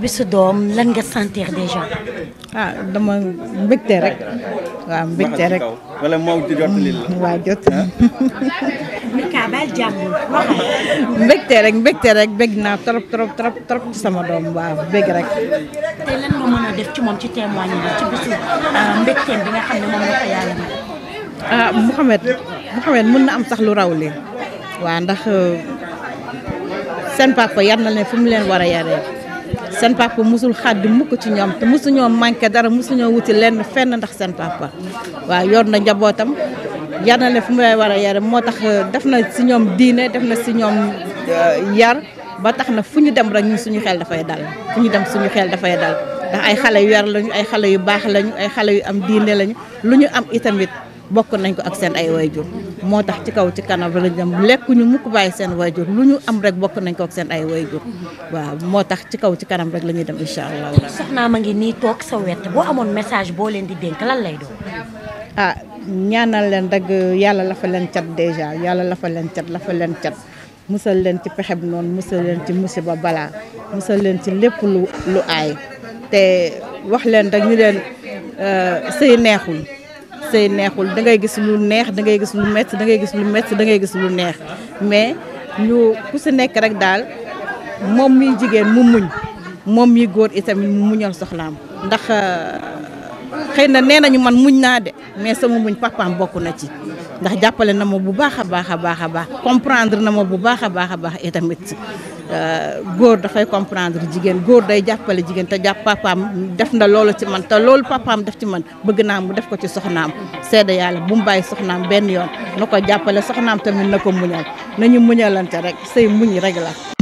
bisu doom lan nga sentir déjà. ah dama mbégte rek. waaw mbégte rek wala moo jot li ah. la. rek mbégte rek bég naa trop trop trop trop sama doom waaw bég rek. tey lan nga mën a def ci moom ci témoignage ci bisu ah, mbégteem bi nga xam ne moom la ko yàlla may. ah mën na am sax lu raw lii. waa ndax euh, seen papa yar na leen fu mu leen war a yaree. seen papa musul xàddi mukk ci ñoom mosuñoo musuñoo manqué dara musuñoo wuti lenn fenn ndax seen papa waaw yor na njabootam yar na leen fu mu lay war a yare moo tax euh, def na si ñoom diine def na si ñoom euh, yar ba tax na fu ñu dem rek ñun suñu xel dafay dal fu ñu dem suñu xel dafay dal ndax ay xale yu yar lañu ay xale yu baax lañu ay xale yu am diine lañu lu ñu am itamit bokk nañ ko ak seen ay waajur moo tax ci kaw ci kanam la lekku ñu mukk bàyyi seen wayjur lu ñu am rek bokk nañ ko ak seen ay wayjur waaw moo tax ci kaw ci kanam rek lañuy dem inshallah ma ngi ni tok sa wette bo amone message bo leen di denk lan lay do ah ñaanal leen dag yalla la fa leen cat deja yalla la fa leen cat la fa leen cat musal leen ci pexeb non musal leen ci musiba bala musal leen ci lepp lu lu ay te wax leen dag ñu leen euh, sey neexul sëy neexul da ngay gis lu neex da ngay gis lu métti dangay gis lu métti dangay ngay gis lu neex mais ñu ku si nekk rek daal moom mi jigéen mu muñ moom miy góor itamit mu muñal soxlaam ndax euh, xëy na nee nañu man muñ naa de mais sama muñ papaam bokk na ci ndax jàppale na ma bu baax a baax a baax a baax comprendre na ma bu baax a baax a baax itamit Euh, góor dafay comprendre jigéen góor day jàppale jigéen te jàpp papaam def na loolu ci man te loolu papaam def ci man bëgg naa mu def ko ci soxnaam seede yàlla bu mu bàyyi soxnaam benn yoon na ko jàppale soxnaam tamit na ko muñal nañu muñalante rek sëy muñ rek la